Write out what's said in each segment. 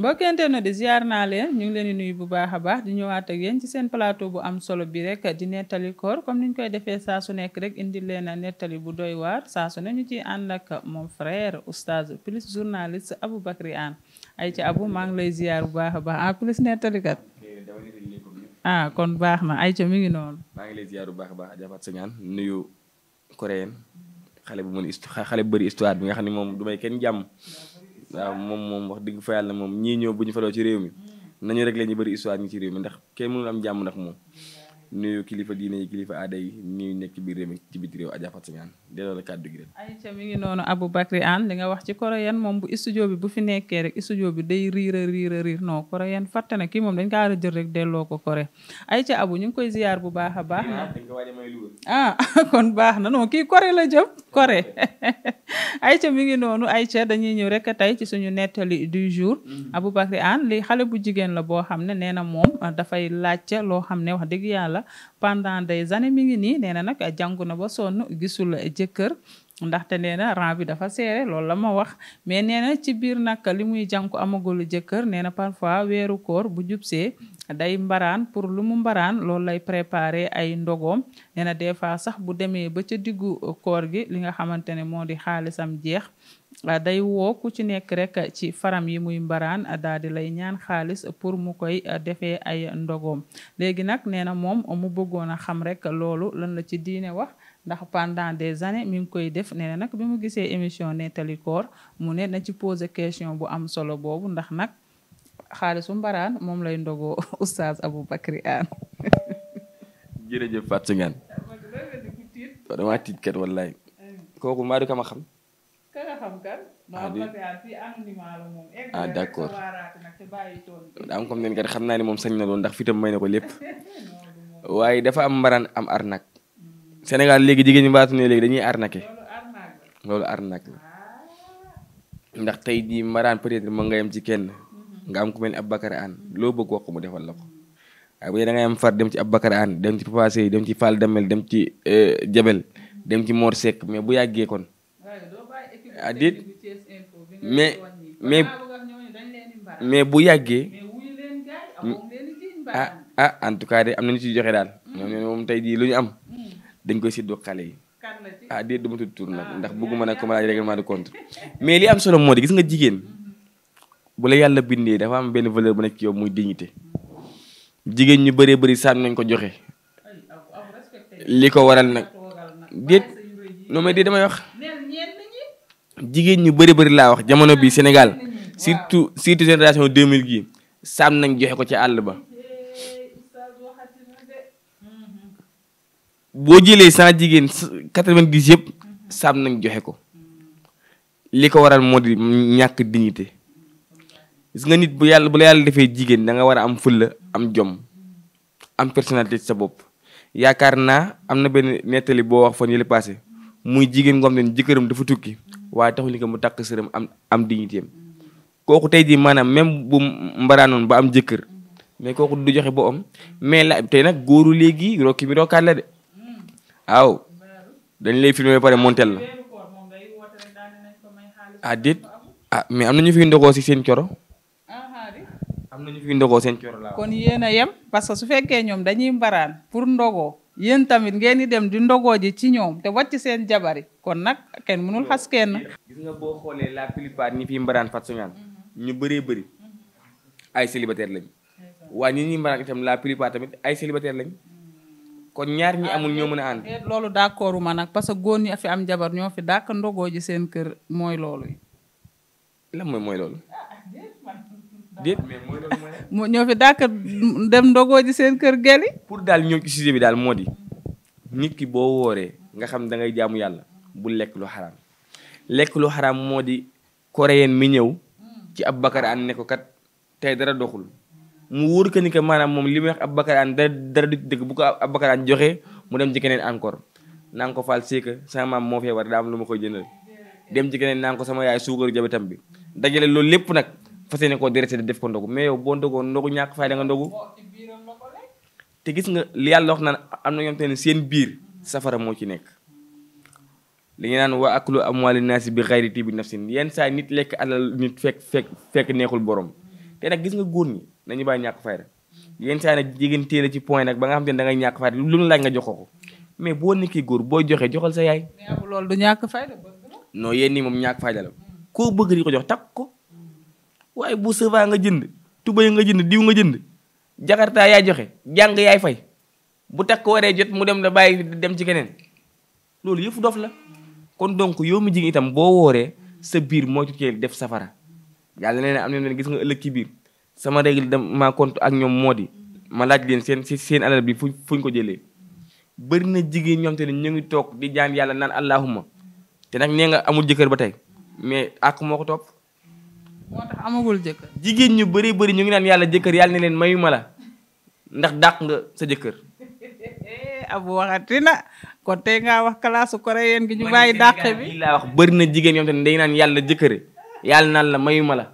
mbokk internet de ziar naa leen ñu ngi leen di nuyu bu baax a baax di ñëwaat ak ci seen plateau bu am solo bi rek di nettali koor comme ni ñu koy defee saa su nekk rek indi leen a nettali bu doy waar saa su ne ñu ciy ànd ak mon frère oustaz plus abu Aboubacry an ay ci abu maa ngi lay ziar bu baax a baax ah plus nettalikat. ah kon baax na ay ci mi ngi noonu. maa ngi lay ziar bu baax a baax jabaat sañaan nuyu coréen xale bu mën xale bu bëri histoire bi nga xam ne moom du may kenn jàmm. waaw moom moom wax dëgg fa yàlla moom ñii ñëw bu ñu faloo ci réew mi mm. nañu rek la ñu bëri histoire ñi ci réew mi ndax kenn mënul am jàmm ndax moom nuyu kilifa diine yi kilifa aada yi nuyu nekk ci biir réew mi ci biti réew Adja Fatou Seye delloo la kàddu mi ngi noonu Aboubacry Anne li nga wax ci Koroyeen moom bu studio bi bu fi nekkee rek studio bi day riir riir a riir non Koroyeen fàtte kii moom dañ kaa war a jël rek delloo ko Kore ayca abu ñu ngi koy ziyaar bu baax a baax. ah, ah kon baax na non kii Kore la jëm Kore ayca mi ngi noonu ayca dañuy ñëw rek tey ci suñu nettali du jour. Mm-hmm. Aboubacry Anne li xale bu jigéen la boo xam ne nee na moom dafay laajte loo xam ne wax dëgg yàlla pendant des années mi ngi nii nee na nag jàngu na ba sonn gisul jëkkër ndaxte nee na rang bi dafa seere loolu la ma wax mais nee na ci biir nag li muy jànku amagul jëkkër nee na parfois weeru koor bu jubsee day mbaraan pour lu mu mbaraan loolu lay préparer ay ndogom nee na des fois sax bu demee ba ca diggu koor gi li nga xamante ne moo di xaalisam jeex day woo ku ci nekk rek ci faram yi muy mbaraan daal lay ñaan xaalis pour mu koy eh, defee ay ndogoom léegi nag nee na moom mu bëggoon a xam rek loolu lan la ci diine wax ndax pendant des années mi ngi koy def nee na nag bi mu gisee émission nettali koor mu ne na ci poser question bu am solo boobu ndax nag xaalisu mbaraan moom lay ndogoo abu Aboubacry Anne jërëjëf dama tiit kat wallaay kooku maa du ko xam ka ah di ah, accord am comme neen kat xam naa ne moom sañ na loolu ndax fitam may na ko lépp waaye dafa am mbaraan am ar arnak hmm. Sénégal léegi jigéen ñi mbaatu ne léegi dañuy ar arnaqué loolu ar la ah. ndax tey jii mbaraan peut-être mën nga yem ci kenn hmm. nga am ku mel ni Aboubacar Anne hmm. loo bëgg wax ko mu defal la ko waaye bu dee da ngay am far dem ci Aboubacar Anne dem ci Papa dem ci Fall Damel dem ci eh, Jabel dem ci Mor Seck mais bu yàggee kon. déet mais mais mais bu yàggee ah ah en tout cas de am na ñu ci joxe daal ñoom moom tey jii lu ñu am dañ koy séddoo xale yi ah déet du ma tudd tur nag ndax bëgguma nag ko ma laaj règlement de compte mais li am solo moo di gis nga jigéen bu la yàlla bindee dafa am benn valeur bu nekk ci yow muy dignité jigéen ñu bëree bëri sànni nañ ko joxe li ko waral nag déet non mais déet damay wax jigéen ñu bëri bari laa wax jamono bi Sénégal surtout surtout génération 2000 gi sàmm nañ joxe ko ci àll ba boo jëlee cent jigéen quatre yëpp sàmm nañ joxe ko li ko waral moo di gis nga nit bu yàlla bu yàlla defee jigéen da war a am fulla am jom am personnalité ci sa bopp yaakaar naa am na benn nettali boo wax fan yële passé muy jigéen goo xam jëkkëram dafa tukki waaye taxul ni que mu takk sëram am am dignité am kooku tey jii maanaam même bu mbaraanoon ba am jëkkër mais kooku du joxe ba am mais la tey nag góoru léegi rokki mi rokkaat la de waaw dañ lay filmé ba pare la ah, ah mais am na ñu fi ndogoo si seen coro am na ñu fi ndogoo seen coro kon yéen yem parce su fekkee ñoom dañuy mbaraan pour ndogoo yéen tamit ngeen di dem di ndogoo ji ci ñoom te wàcc seen yi kon nag kenn mënul xas kenn. gis nga xoolee la plupart ñi fi mbaraan fatsuñaan ñu bëree bëri ay célibataire lañ waaye ñi ñuy mbaraan itam la plupart tamit ay célibataire lañ kon ñaar ñi amul ñoo mën a ànd. Eh, loolu d'accordu ma nag parce que góor ñi fi am jabar ñoo fi dàkk ndogoo seen kër mooy loolu. lan mooy mooy loolu. Ah, moo ñoo fi dàkk dem ndogoo ji seen kër geli pour daal ñëw ci sujet bi daal moo di nit ki boo wooree nga xam da ngay jaamu yàlla bu lekk lu xaraam lekk lu xaraam moo di coréen mi ñëw ci ab bakar an kat tey dara doxul mu wóor que ni maanaam moom li muy wax ab bakar an dara dara dëgg bu a ab bakar an joxee mu dem ci keneen encore naa ngi ko faal c'est sama maam moo feebar daa am lu ma koy jëndal dem ci keneen sama yaay suukar jabetam bi dajale loolu lépp nag fas yéene koo dérete def ko ndogu mais yow boo ndogu ñàkk fay da nga ndogu te gis nga li yàlla wax naan am na ñoom te ne seen biir safara moo ci nekk li ñu naan waa aklu amwaali na bi xayri tibi nafsin yenn saa nit lekk alal nit fekk fekk fekk neexul borom te gis nga góor ñi nañu bàyyi ñàkk fayda yenn saa jigéen téela ci point nag ba nga xam te ne ñàkk fayda lu nga jox ko mais boo nekkee góor boo joxee joxal sa yaay. loolu du ñàkk fayda. non yéen nii moom ñàkk fayda la koo bëgg di ko jox takk ko. waaye bu sëfaa nga jënd tubéy nga jënd diw nga jënd jakartaa yaay joxe jàng yaay fay bu takk waree jot mu dem la bàyyi dem ci keneen loolu yëfu dof la kon donc yow mi jigéen itam boo wooree sa biir moo ci cee def safara yàlla nee na am gis nga ëllëg ci biir sama règle dama compte ak ñoom moo di ma laaj leen seen seen alal bi fu fuñ ko jëlee bëri na jigéen ñoom te ne ñu ngi toog di jaan yàlla naan allahuma te nag nee nga amul jëkkër ba tey mais ak moo ko topp moo amagul jëkkër. jigéen ñu bari bari ñu ngi naan yàlla jëkkër yàlla ne leen mayuma la ndax dàq nga sa jëkkër. abu waxati na kon tey ngaa wax kalaasu koréen gi ñu bàyyi dàq bi. laa wax bëri na jigéen ñoom day naan yàlla jëkkër yàlla naan la mayuma la.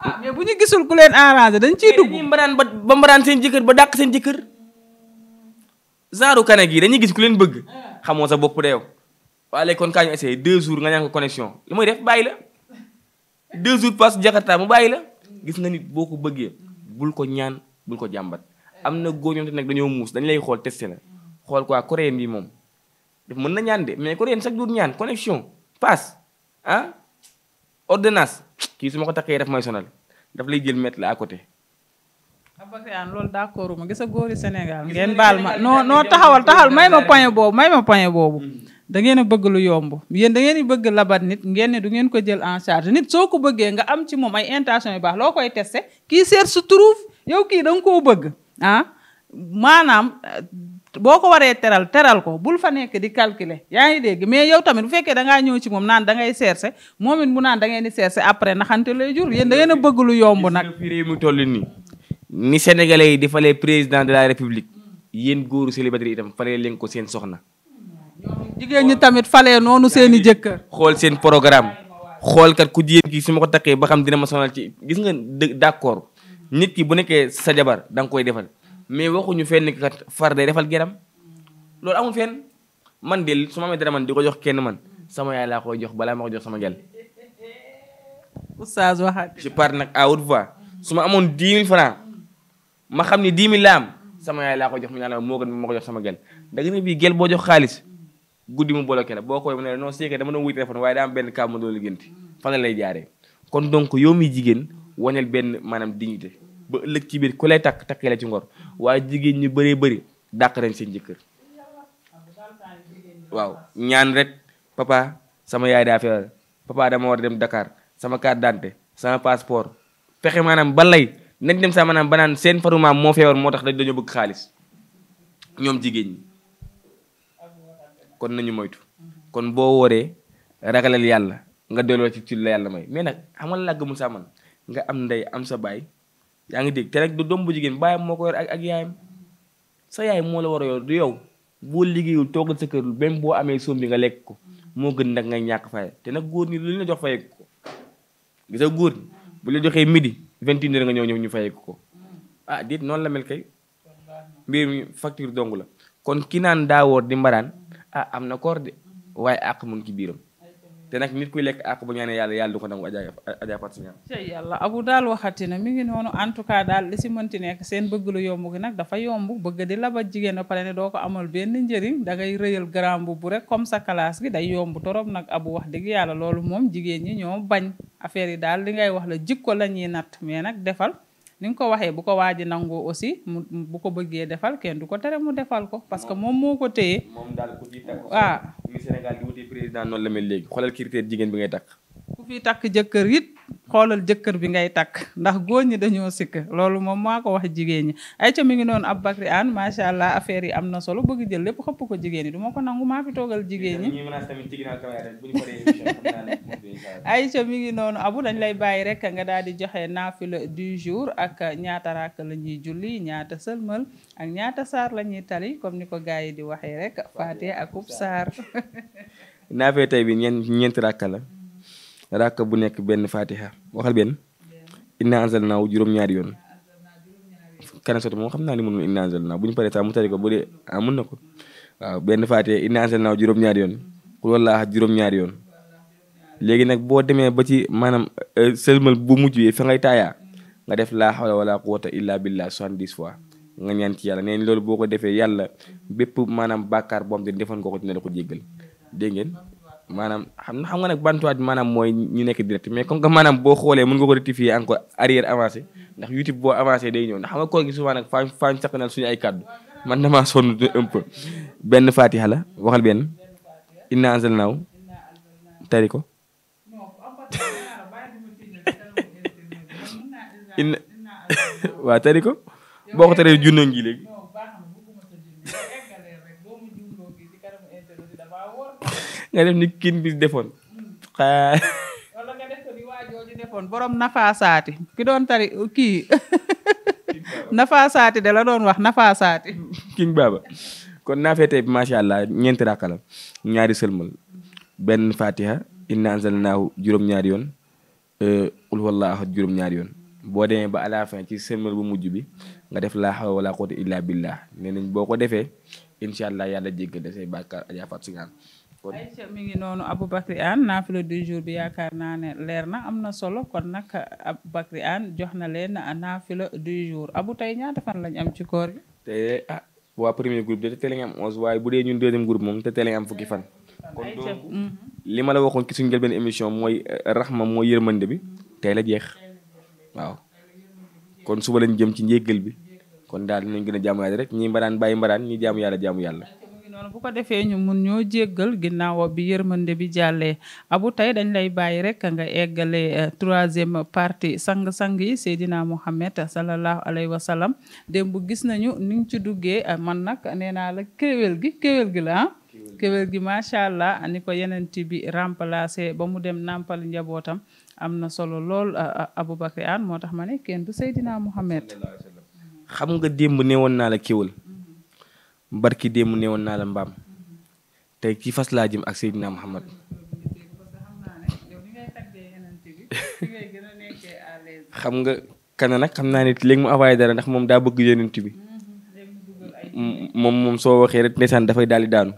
Ah, bu ñu gisul ku leen arrangé dañ ciy dugg. dañuy mbaraan ba ba mbaraan seen jëkkër ba dàq seen jëkkër. genre kana gii dañuy gis ku leen bëgg. Ah. xamoo sa bopp de yow. waaye kon kaa ñu essayé deux jours nga ñaan ko connexion li muy def bàyyi la. deux jours passe jakarta mu bàyyi la gis nga nit boo ko bëggee bul ko ñaan bul ko jàmbat am na góor ñoom te nag dañoo muus dañ lay xool testé la xool quoi coréen bi moom daf mun na ñaan de mais coréen chaque jour ñaan connexion passe ah ordonnance kii su ma ko takkee daf may sonal daf lay jël mètre la à côté Abakayane loolu a góori Sénégal ngeen baal ma non non taxawal taxawal may ma poñe boobu may ma poñe boobu mm. da ngeen a bëgg lu yomb yéen da ngeen di bëgg labat nit ngeen ne du ngeen ko jël en charge nit soo ko bëggee nga am ci moom ay intation yu baax loo koy testé kii seet su trouve yow kii da nga koo bëgg ah maanaam eh, boo ko waree teral teral ko bul fa nekk di calculer yaa ngi dégg mais yow tamit bu fekkee da ngaa ñëw ci moom naan da ngay seerse moom it mu naan dangeen ngeen di seerse après naxante lay jur yéen da ngeen a bëgg lu yomb nag mu toll nii ni sénégalais yi di falee président de la république yéen góoru célibataire itam falee leen ko seen soxna jigéen ñi tamit falee noonu seeni i jëkkër. xool seen programme xool kat ku jigéen kii su ma ko takkee ba xam dina ma sonal ci gis nga d'accord nit ki bu nekkee sa jabar danga koy defal mais waxuñu fenn kat far day defal geram loolu amul fenn man de su ma amee dara man di ko jox kenn man sama yaay laa koy jox balaa ma jox sama gel oustaz waxaat je nag à haute su ma amoon dix mille francs ma xam ni dix mille la sama yaay laa koy jox mu ne la moo gën ma ko jox sama gel da nga bii gel boo jox xaalis. guddi mu bloqué la boo ko mu ne non c'est que dama doon wuy téléphone waaye daa am benn kàmm doo liggéenti fan la lay jaaree kon donc yow mi jigéen waneel benn maanaam dignité ba ëllëg ci biir ku lay takk takkee la ci ngor waaye jigéen ñu bëree bëri dàq nañ seen jëkkër waaw ñaan rek papa sama yaay daa feebar papa dama war dem dakaar sama carte d'identité sama passeport fexe maanaam ba lay nañ dem sax maanaam banaan seen faru maam moo feebar moo tax dañoo bëgg xaalis ñoom jigéen ñi kon nañu moytu kon boo wooree ragalal yàlla nga delloo ci ci la yàlla may mais nag xamal làgg mu sàmman nga am ndey am sa baay yaa ngi dégg te nag du doom bu jigéen baayam moo ko yor ak ak yaayam sa yaay moo la war a yor du yow boo liggéeyul toogal sa kër même boo amee soom bi nga lekk ko moo gën nag ngay ñàkk fay te nag góor ñi lu ñu la jox fayeeku ko gis nga góor ñi bu la joxee midi vingt une heures nga ñëw ñëw ñu fayeeku ko ah déet noonu la mel kay mbir mi facture dong la kon ki naan daa di mbaraan ah am na koor de waaye àq mu ngi ci biiram te nag nit kuy lekk àq bu ñaanee yàlla yàlla du ko nangu ajaay ajaay fàtt si ñaan yàlla abu daal waxati na mi ngi noonu en tout daal li si mënti nekk seen bëgg lu yomb gi nag dafa yomb bëgg di labat jigéen ba pare ne doo ko amal benn njëriñ da ngay rëyal grand bu rek comme sa classe gi day yombu torop nag abu wax dëgg yàlla loolu moom jigéen ñi ñoo bañ affaire yi daal li ngay wax la jikko la ñuy natt mais nag defal ni nga ko waxee bu ko waa ji nangoo aussi mu bu ko bëggee defal kenn du ko tere mu defal ko parce que moom moo ko téye moom daal ku ci takk waaw mi Sénégal di président noonu la mel léegi xoolal critère jigéen bi ngay takk ku fi takk jëkkër it xoolal jëkkër bi ngay takk ndax góor ñi dañoo sikk loolu moom maa ko wax jigéen ñi ay ca mi ngi noonu ab Bakri Anne macha allah affaire yi am na solo bëgg jël lépp xëpp ko jigéen ñi du ko nangu maa toogal jigéen ñi ay ca mi ngi noonu abu dañ lay bàyyi rek nga daal di joxe naafila du jour ak ñaata rakk la ñuy julli ñaata sëlmal ak ñaata saar la ñuy tali comme ni ko gars yi di waxee rek faate ak ub saar naafee tey bi ñeent ñeent rakk la rakka bu nekk benn fatiha waxal benn inna anzalnaa juróom-ñaari yoon kana soto moom xam naa ni mënul inna anzalnaa bu ñu paree sax mu tari ko bu dee ah mën ko waaw benn fatiha inna juróom-ñaari yoon xul wallaaha juróom yoon léegi nag boo demee ba ci maanaam euh, sëlmal bu mujj yi fa ngay taaya nga def laa xawla wala quwata illa billah soixante-dix fois nga ñaan ci yàlla nee loolu boo ko defee yàlla bépp maanaam bàkkaar boo xam te defoon nga ko dina la ko jéggal dégg maanaam xam na xam nga nag bantuwaat maanaam mooy ñu nekk direct mais comme que maanaam boo xoolee mën nga ko rectifier encore arrière avancé ndax youtube boo avancé day ñëw ndax xam nga koor gi souvent nag faañ faañ ay kàddu man damaa sonn un peu benn fatiha la waxal benn inna anzalnaahu tari ko inna waa tari boo ko taree junnoon ji léegi nga def ni kin bi defoon xaa wala nga borom nafaasaati ki doon tari kii saati de la doon wax nafaasaati king baaba kon naafee tey bi allah ñeenti ràkka ñaari sëlmal benn fatiha inna anzalnaahu juróom-ñaari yoon euh, qul huwallaahu ahad juróom-ñaari yoon boo demee ba à la ci sëlmal bu mujj bi nga def laa hawla wala quwwata illa billah nee boo ko defee incha allah yàlla jéggal da say bàkkaar ajaafaat si ngaan ayca mi ngi noonu Aboubacry Anne naafila du jour bi yaakaar naa ne leer na am na solo kon nag Aboubacry Anne jox na leen naafila du jour abu tey ñaata lañ am ci koor gi. tey ah waa am onze waaye bu dee ñun deuxième groupe moom te tey am fukki fan. kon mhm. li ma la waxoon ci suñu njëlbeen émission mooy eh, raxma mooy yërmande bi tey la jeex waaw kon suba lañ jëm ci njéggal bi kon daal dinañ gën a jaamu yàlla rek ñii mbaraan bàyyi mbaraan ñi jaamu yàlla jaamu yàlla. noonu bu ko defee ñu mun ñoo jéggal ginnaaw bi yërmande bi jàllee abu tey dañ lay bàyyi rek nga eggale euh, troisième partie sang-sang yi Seydina Mouhamed sallallahu alayhi wa sallam démb gis nañu ni ñu ci duggee euh, man nag nee naa la kéwél gi kéwél gi la ah. gi macha allah ni ko yenent bi remplacé ba mu dem nàmpal njabootam am na solo lool abu euh, Aboubacry Anne moo tax ma ne kenn du Seydina Mouhamed xam nga démb ne woon naa la kéwél barki démb néewoon naa la mbaam tey ci fas laa jëm ak Seydina Muhammad xam nga kana nag xam naa nit léegi mu avayé dara ndax moom daa bëgg yonent bi moom moom soo waxee rek dafay daal di daanu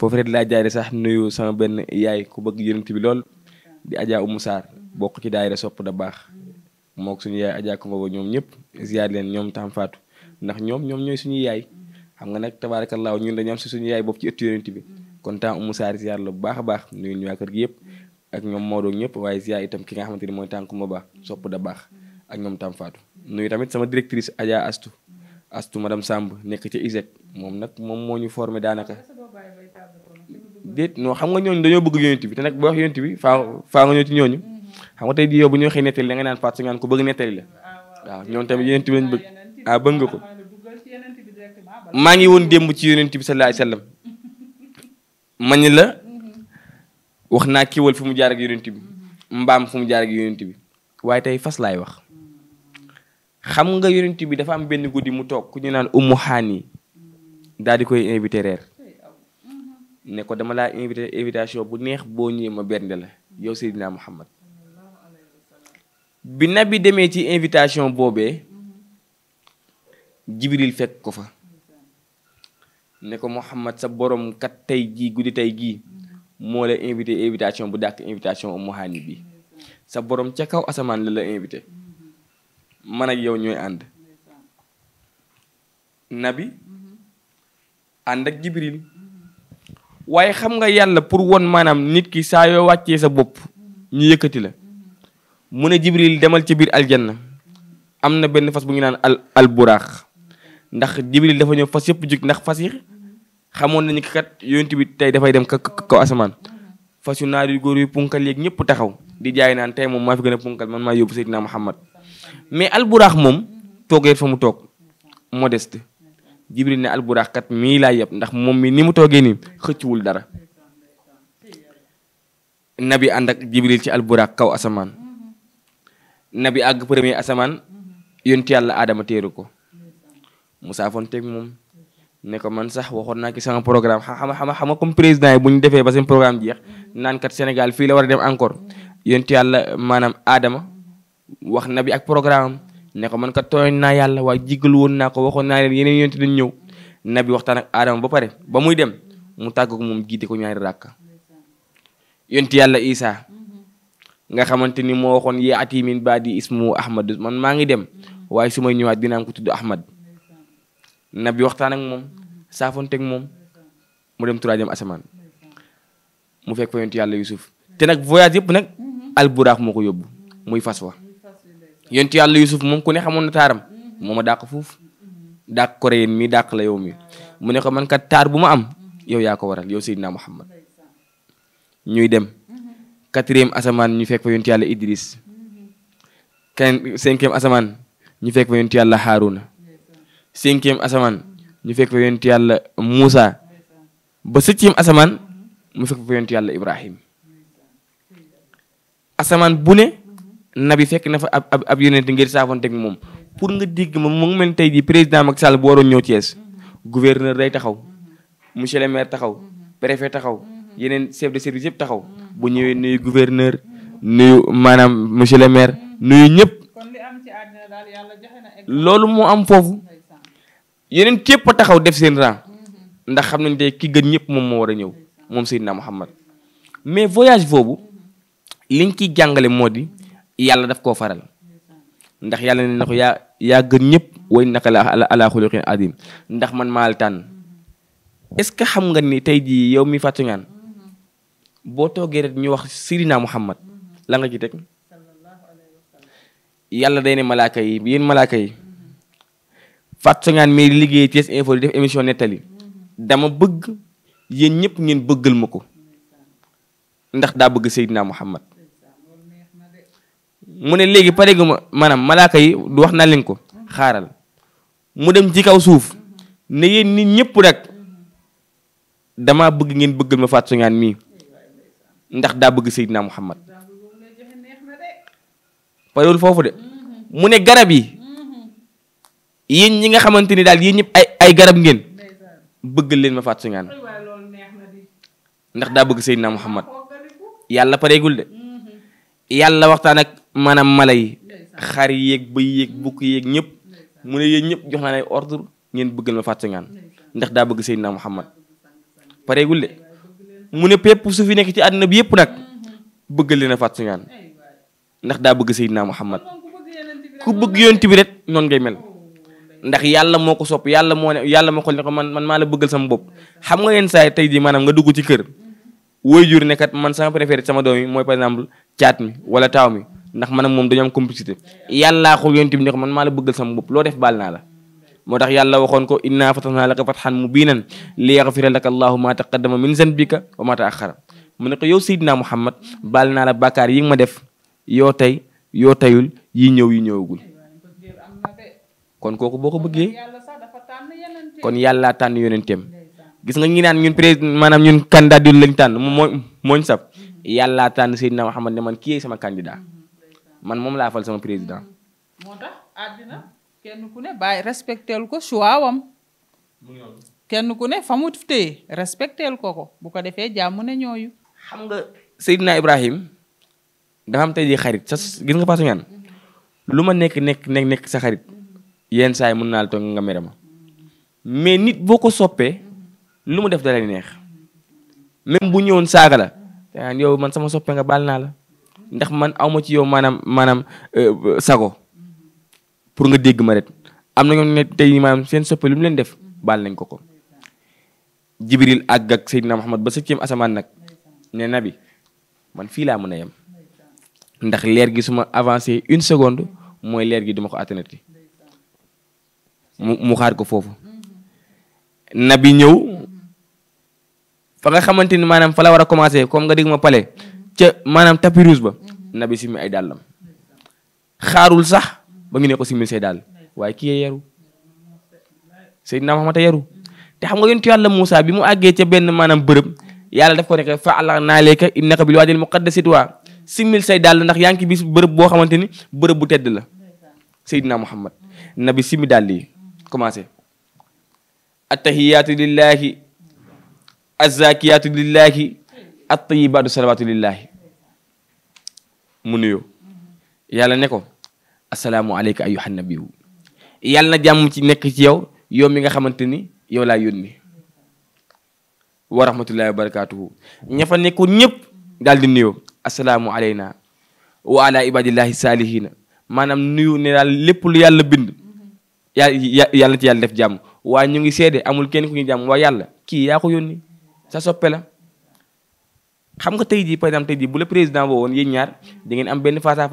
foofu rek laa jaare sax nuyu sama benn yaay ku bëgg yonent bi lool di Adja Oumou Sarr bokk ci daayira sopp da baax mook suñu yaay Adja ko nga ñoom ñëpp ziar leen ñoom tam faatu ndax ñoom ñoom ñooy suñu yaay xam nga nag tabaarakallaahu ñun dañu am si suñu yaay bopp ci ëttu yonent bi mm-hmm. kon temps umu saari ziar la bu baax a baax nuyu ñu waa yëpp mm-hmm. ak ñoom Maodo ñëpp waaye ziar itam ki nga xamante ni mooy tànku ma baax mm-hmm. sopp da baax ak ñoom tam faatu tamit sama directrice Adja Astu Astu madame Samb nekk ci ISEC moom nag moom moo ñu formé daanaka déet non xam nga ñooñu dañoo bëgg yonent bi te nag boo wax yonent bi faa faa nga ñëw ci xam nga tey di yow bu ñu waxee nettali da nga naan faatu sa ngaan ko bëgg nettali la ah, waaw ñoom tamit yonent bi lañ bëgg ah, ah bëgg nga ko ah, maa ngi woon démb ci yonent bi sallallahu alayhi wasallam ma ni la wax naa kéwal fu mu jaar ak yonent bi mbaam fu mu jaar ak yonent bi waaye tey fas laay wax xam nga yonent bi dafa am benn guddi mu toog ku ñu naan ummu xaani daal di koy invité reer ne dama laa invité invitation bu neex boo ñëwee ma bernde la yow Seydina Muhammad bi bi demee ci invitation boobee Jibril fekk ko fa ne ko Mouhamad sa borom kat tey jii guddi tey gii moo la invité invitation bu dàkk invitation Umu Haani bi sa boroom ca kaw asamaan la la invité man ak yow ñooy ànd nabi ànd ak jibril waaye xam nga yàlla pour won maanaam nit ki saa yoo wàccee sa bopp ñu yëkkati la mu ne jibril demal ci biir aljanna am na benn fas bu ñu naan al al ndax jibril dafa ñëw fas yëpp jug ndax fas yi xamoon nañu kat yonent bi tey dafay dem ka kaw asamaan fas yu naar yu góor yu punkal yeeg ñëpp taxaw di jaay naan tey moom maa fi gën a punkal man maa yóbbu Seydina Muhammad mais alburaax moom toogee fa mu toog modeste jibril ne alburaax kat mii laa yeb ndax moom mii ni mu toogee nii xëccuwul dara nabi ànd ak jibril ci alburaax kaw asamaan nabi àgg premier asamaan yonent yàlla adama téeru ko mu saafoonteeg moom ne ko man sax waxoon naa ki sama programme xam xam xam comme président yi bu ñu defee ba seen programme jeex naan kat Sénégal fii la war a dem encore yonent yàlla maanaam aadama wax na bi ak programme ne ko man kat tooñ naa yàlla waaye jéggalu woon naa ko waxoon naa yeneen yonent dañ ñëw nabi waxtaan ak aadama ba pare ba muy dem mu tàggu moom jiite ko ñaari rakka yonent yàlla issa nga xamante ni moo waxoon yaati min baadi ismu Ahmad man maa ngi dem waaye su may ñëwaat dina ko tudd Ahmad na bi waxtaan ak moom saafonteeg moom mu dem troisième asamaan mu fekk fa yonent yàlla Yusuf te nag voyage yëpp nag alburaax moo ko yóbbu muy fas wa yonent yàlla Yusuf moom ku ne xamoon na taaram moom a dàq foofu dàq koréen mi dàq la yow mi mu ne ko man kat taar bu ma am yow yaa ko waral yow Seydina Muhammad ñuy dem quatrième asamaan ñu fekk fa yonent yàlla Idris cinquième asamaan ñu fekk fa yonent yàlla Haaruna cinquième asamaan ñu fekk fa yonent yàlla Moussa ba septième asamaan mu fekk fa yonent yàlla Ibrahim asamaan bu ne nabi fekk na fa ab ab nger ngir saafoonteeg moom pour nga digg ma mu ngi mel tey jii président Macky Sall bu waroon ñëw Thiès gouverneur day taxaw monsieur le maire taxaw préfet taxaw yeneen chef de service yëpp taxaw bu ñëwee nuyu gouverneur nuyu maanaam monsieur le maire nuyu ñëpp loolu moo am foofu. yeneen yëpp a taxaw def seen ra ndax xam nañ tey ki gën ñëpp moom moo war a ñëw moom Seydina Muhammad mais voyage boobu liñ ciy jàngale moo di yàlla daf koo faral ndax yàlla ne na ko yaa yaa ñëpp way naka la ala ndax man maal est-ce que xam nga ni tey jii yow mi fàttu boo toogee rek ñu wax Seydina Muhammad la nga ci teg yàlla day ne malaaka Fatou Sangane mi liggéey Thiès Info di def émission nettali dama bëgg yéen ñëpp ngeen bëggal ma ko ndax daa bëgg Seydina Muhammad mu ne léegi pare gu ma maanaam malaaka yi du wax naa leen ko xaaral mu dem ci kaw suuf ne yéen nit ñëpp rek dama bëgg ngeen bëggal ma Fatou mii ndax daa bëgg Seydina Muhammad parewul foofu de mu ne garab yéen ñi nga xamante ni daal yii ñëpp ay ay garab ngeen bëgg leen ma faat suñaan ndax daa bëgg Seydina Muhammad yàlla pareegul de mm-hmm. yàlla waxtaan ak maanaam mala yi xar yéeg bëy yéeg bukk yéeg ñëpp mu ne yéen ñëpp jox naa ay ordre ngeen bëggal ma faat suñaan ndax daa bëgg pareegul mu ne pépp su fi nekk ci àdduna bi yépp nag mm-hmm. bëgg leen a faat suñaan ndax daa bëgg Seydina Muhammad ku bëgg yoon bi rek noonu ngay mel ndax yàlla moo ko sopp yàlla moo ne yàlla moo ko ne ko man man maa la bëggal sama bopp xam nga yenn saa yi tey jii nga dugg ci kër jur ne kat man sama préféré sama doom mooy par exemple caat mi wala taaw mi ndax man moom dañoo am complicité yàllaa ko yonent bi ne ko man maa la bëggal sama bopp loo def baal naa la moo tax yàlla waxoon ko inna fatahna laka fathan mubinan li yaghfira laka allahu ma taqaddama min zanbika wa ma ta'akhkhara mu ne yow Seydina kon kooku boo ko bëggee kon yàlla tànn yonenteem gis nga ñi naan ñun président maanaam ñun candidat diw lañ tànn moo mooñ sab mm-hmm. yàlla tànn Seydina Muhammad ne man kii sama candidat mm-hmm. man moom laa fal sama président. Mm-hmm. moo tax àddina kenn ku ne bàyyi respectel ko choix wam kenn ku ne fa mu téye respectel ko ko bu ko defee jàmm ne ñooyu. xam nga Seydina Ibrahim dafa am tey jii xarit sa gis nga Fatou lu ma nekk nekk nekk sa xarit. yenn saay yi mën naa la toog nga mere mais nit boo ko soppee lu mu def da lay neex même bu ñëwoon saaga la daan yow man sama soppee nga baal naa la ndax man awma ci yow maanaam maanaam euh, sago pour nga dégg ma ret am na ñoom ne tey maam seen soppe lu leen def baal nañ ko ko jibril àgg ak seydina muhammad ba septième asamaan nag ne nabi man fii laa mën a yem ndax leer gi su ma avancé une seconde mooy leer gi duma ko atteindre mu mu ko foofu nabi ñëw fa nga xamante ni maanaam fa la war a commencé comme nga dégg ma pale ca maanaam tapis ba nabi simmi ay dàllam xaarul sax ba ngi ne ko simmi say dàll waaye kii yee yaru Seydina Muhammad yaru te xam nga yonentu yàlla Moussa bi mu àggee ca benn maanaam bërëb yàlla def ko nekk fa àlla naa leeka innaka bil waadil muqaddas wa simmil say dàll ndax yaa ngi bis bërëb boo xamante ni bërëb bu tedd la Seydina Muhammad nabi simmi commencé attahiyaatu lillahi azzakiyaatu lillahi attayibaatu salawaatu lillahi mu nuyoo yàlla nekko ko asalaamu aleyka ayyuhan nabiyyu yàlla na ci nekk ci yow yow mi nga xamante ni yow laa yónni wa wa barakatuhu ña fa nekkoon ñëpp daal di nuyoo asalaamu aleyna wa ala ibadillahi saalihina maanaam nuyu ne daal lépp lu bind yàlla ci yàlla def jàmm waaye ñu ngi seede amul kenn ku ñu jàmm waaye yàlla kii yaa ko yónni sa soppe la xam nga tey jii par exemple tey bu la président boo woon yéen ñaar da ngeen am benn face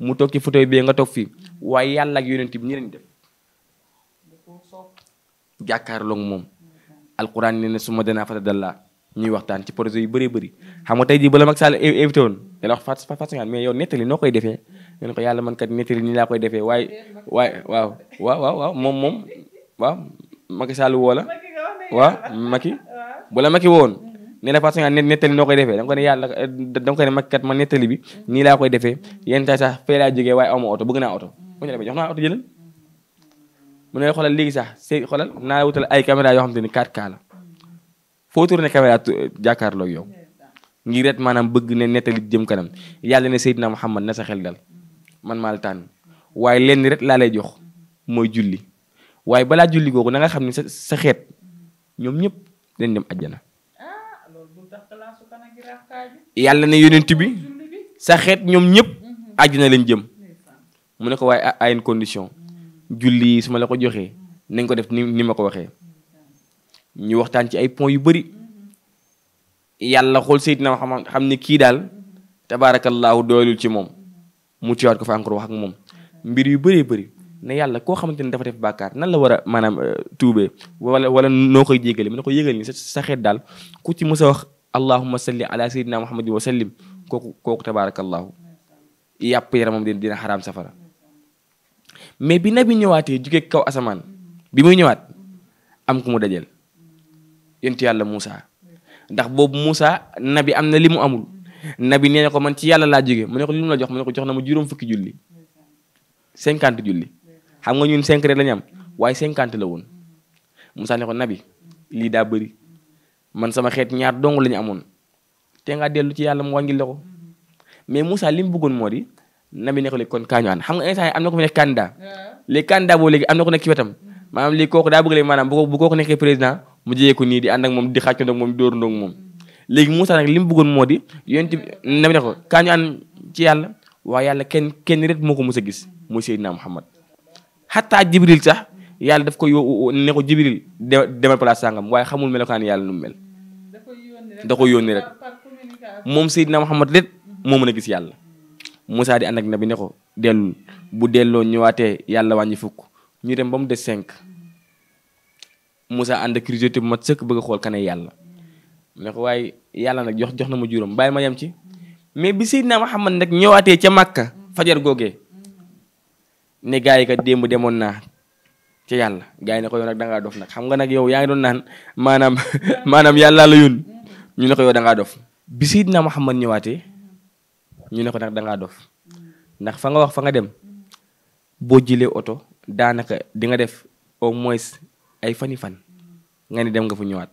mu toog ci fauteuil nga toog fii waaye yàlla ak yonent bi ñu leen def jàkkaarloog moom alquran nee na suma danaa fata dalla ñuy waxtaan ci projet yu bëree bëri xam nga tey jii la Macky Sall invité woon da la wax face face mais yow nettali noo koy defee nga ne ko yàlla man kat nettali nii laa koy defee waaye waaye waaw waaw waaw waaw moom moom waaw Macky Sall woo la waaw Macky bu la Macky woon ne la façon net nettali noo koy defee danga ko ne yàlla danga ko ne Macky kat man nettali bi nii laa koy defee yenn sax fee laa waaye awma oto bëgg naa oto mu ne la jox naa oto jëlal mu ne xoolal léegi sax see xoolal naa wutal ay caméra yoo xam te ni 4K la foo tourné caméra jàkkaarloo yow ngir ret maanaam bëgg ne nettali jëm kanam yàlla ne Seydina na sa xel man maa tànn waaye lenn rek laa lay jox mooy julli waaye balaa julli googu na xam ni sa sa xeet ñoom ñëpp dañ dem àjjana. yàlla ne yonent bi sa xeet ñoom ñëpp àjjana lañ jëm mu ne ko waaye ay une condition julli yi su ma la ko joxee nañ ko def ni ni ma ko waxee ñu waxtaan ci ay point yu bari yàlla xool Seydina na xam ne kii daal tabaarakallaahu doyalul ci moom. mu ciwaat ko fa encore wax ak moom mbir yu bëree bëri ne yàlla koo xamante ne dafa def bàkkaar nan la war a maanaam euh, tuubee wala wala noo koy jégalee mu ne ko yëgal ni sa xeet daal ku ci mës a wax allahumma salli ala sayyidina muhammadin wa sallim kooku kooku tabarakallahu yàpp yaramam dina dina xaraam safara mais bi nabi ñëwaatee jugee kaw asamaan bi muy ñëwaat am ku mu dajeel yonent yàlla Moussa ndax boobu Moussa nabi am na li mu amul nabi nee na ko man ci yàlla laa jóge mu ne ko lu mu la jox mu ne ko jox na ma juróom fukki julli cinquante julli xam nga ñu am la woon Moussa ne ko nabi lii daa bëri man sama xeet ñaar dong la ñu amoon te ci yàlla mu wàññil la ko mais Moussa li mu bëggoon moo di nabi ne ko léegi kon kaañu ànd xam nga instant yi am na ko fi nekk candidat léegi candidat boobu léegi am na ko nekk ci wetam maanaam léegi kooku daa bëgg léegi maanaam bu kooku nekkee président mu jëyee ko nii di ànd ak moom di xàccandoo léegi Moussa nag li mu bëggoon moo di yonent bi na ne ko kaa ñu ànd ci yàlla waaye yàlla kenn kenn rek moo ko mës a gis muy Seydina Muhammad xataa Jibril sax yàlla def ko yo ne ko Jibril sàngam waaye xamul melokaan yàlla nu mel. da ko yónni rek moom Seydina Muhammad rek moo mën a gis yàlla Moussa di ànd ak nabi ne ko dellul bu delloo ñëwaatee yàlla wàññi fukk ñu dem ba mu des cinq Moussa ànd ak bu mat sëkk bëgg a xool kanay yàlla. ne ko waaye yàlla nag jox jox na ma juróom bàyyi ma yem ci mais bi Seydina Muhammad nag ñëwaatee ca Màkka fajar googe ne gaa yi kat démb demoon naa ci yàlla gaa yi ne ko yow nag da ngaa dof nag xam nga nag yow yaa ngi doon naan maanaam maanaam yàlla la ñu ne ko yow da ngaa dof bi Seydina Muhammad ñu ne ko nag da dof ndax fa nga wax fa nga dem boo jilee oto daanaka dinga def au moins ay fani fan nga ne dem nga fu ñëwaat.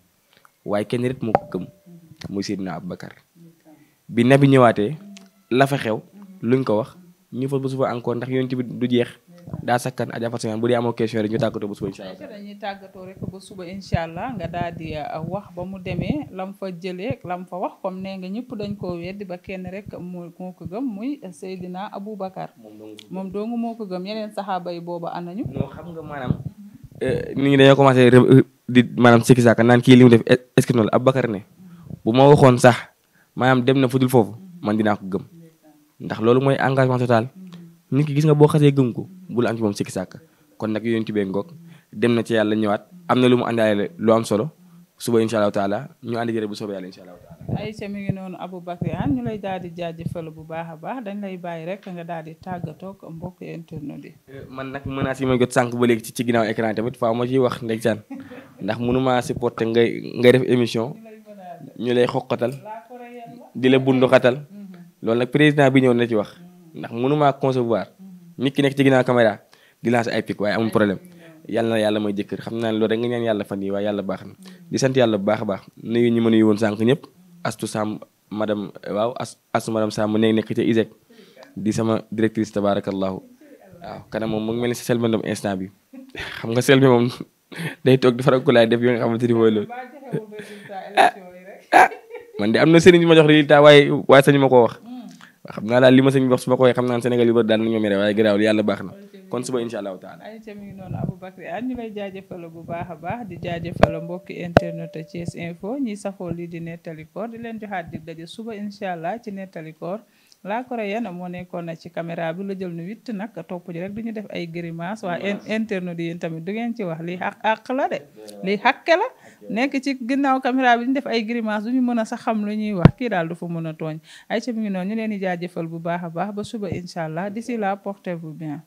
waaye kenn rek moo ko gëm muy Seydina Aboubacar bi nabi ñëwaatee la xew luñ ko wax ñu fa ba suba encore ndax yonent bi du jeex daa sakkan aja Fatou bu dee amoo question rek ñu tàggatoo ba suba incha allah. tàggatoo rek ba suba incha allah nga daal di a uh, wax ba mu demee lam fa jëlee lam fa wax comme nee nga ñëpp dañ koo weddi ba kenn rek moo ko gëm muy Seydina abu moom moom dong moo ko gëm yeneen saxaaba yi boobu ànd nañu. xam nga maanaam. nit ñi dañoo commencé di maanaam sikki sàkk naan kii li mu def est-ce que noonu ne bu ma waxoon sax maanaam dem na fudul foofu man dinaa ko gëm ndax loolu mooy engagement total nit ki gis nga boo xasee gëm ko bul am ci moom sikki sàkk kon nag yonent bi ngoog dem na ci yàlla ñëwaat am na lu mu àndaale lu am solo suba incha allahu taala ñu àndi jërë bu soobee yàlla incha allahu taala Aïcha mi ngi noonu Aboubacry Anne ñu lay daal di jaajëfal bu baax a baax dañ lay bàyyi rek nga daal di tàggatoo mbokk internet yi. Eh, man nag menaces ma jot sànq ba léegi ci ci ginnaaw écran tamit faaw ma ciy wax ndeysaan ndax mënuma supporter ngay ngay def émission ñu lay xoqatal di la bunduxatal loolu nag président bi ñëw na ci wax ndax mënuma concevoir nit ki nekk ci ginnaaw caméra di lancer ay pic waaye amul problème. yàlla na yàlla may jëkkër xam naa ne loolu rek nga yàlla fan yi waaye yàlla baax na di sant yàlla bu baax a baax nuyu ñu ma nuyu woon sànq ñëpp astu Sam madam waaw as astu madame Sam mu nekk nekk ca di sama directrice tabaarakallahu waaw kanam moom mu ngi mel ni si selbe ndoom instant bi xam nga selbe moom day toog di faral kulaay def yi nga xamante ni mooy loolu ah, ah man de am na sëriñ bi ma jox résultat waaye waaye sañu ma koo wax. xam naa daal li ma sëñ bi wax su ma ko waxee xam naa Sénégal yu daal nañu ma mere waaye garaawul yàlla baax na kon suba incha allahu taala ay ca mi ngi noonu Aboubacry an bu baax a baax di jaajëfala mbokki internet Thiès info ñiy saxoo lii di nettali koor di leen joxaat dig daje suba incha allah ci nettali koor laa coréenne moo nekkoon na ci caméra bi la jël nu witt nag topp ji rek du ñu def ay grimace waa internet yi yéen tamit du ngeen ci wax lii xaq la de lii xàkke la nekk ci ginnaaw caméra bi ñu def ay grimace du ñu mën a sax xam lu ñuy wax kii daal du fa mën a tooñ ay ca mi ngi noonu ñu leen di jaajëfal bu baax a baax ba suba incha allah d'ici là portez-vous bien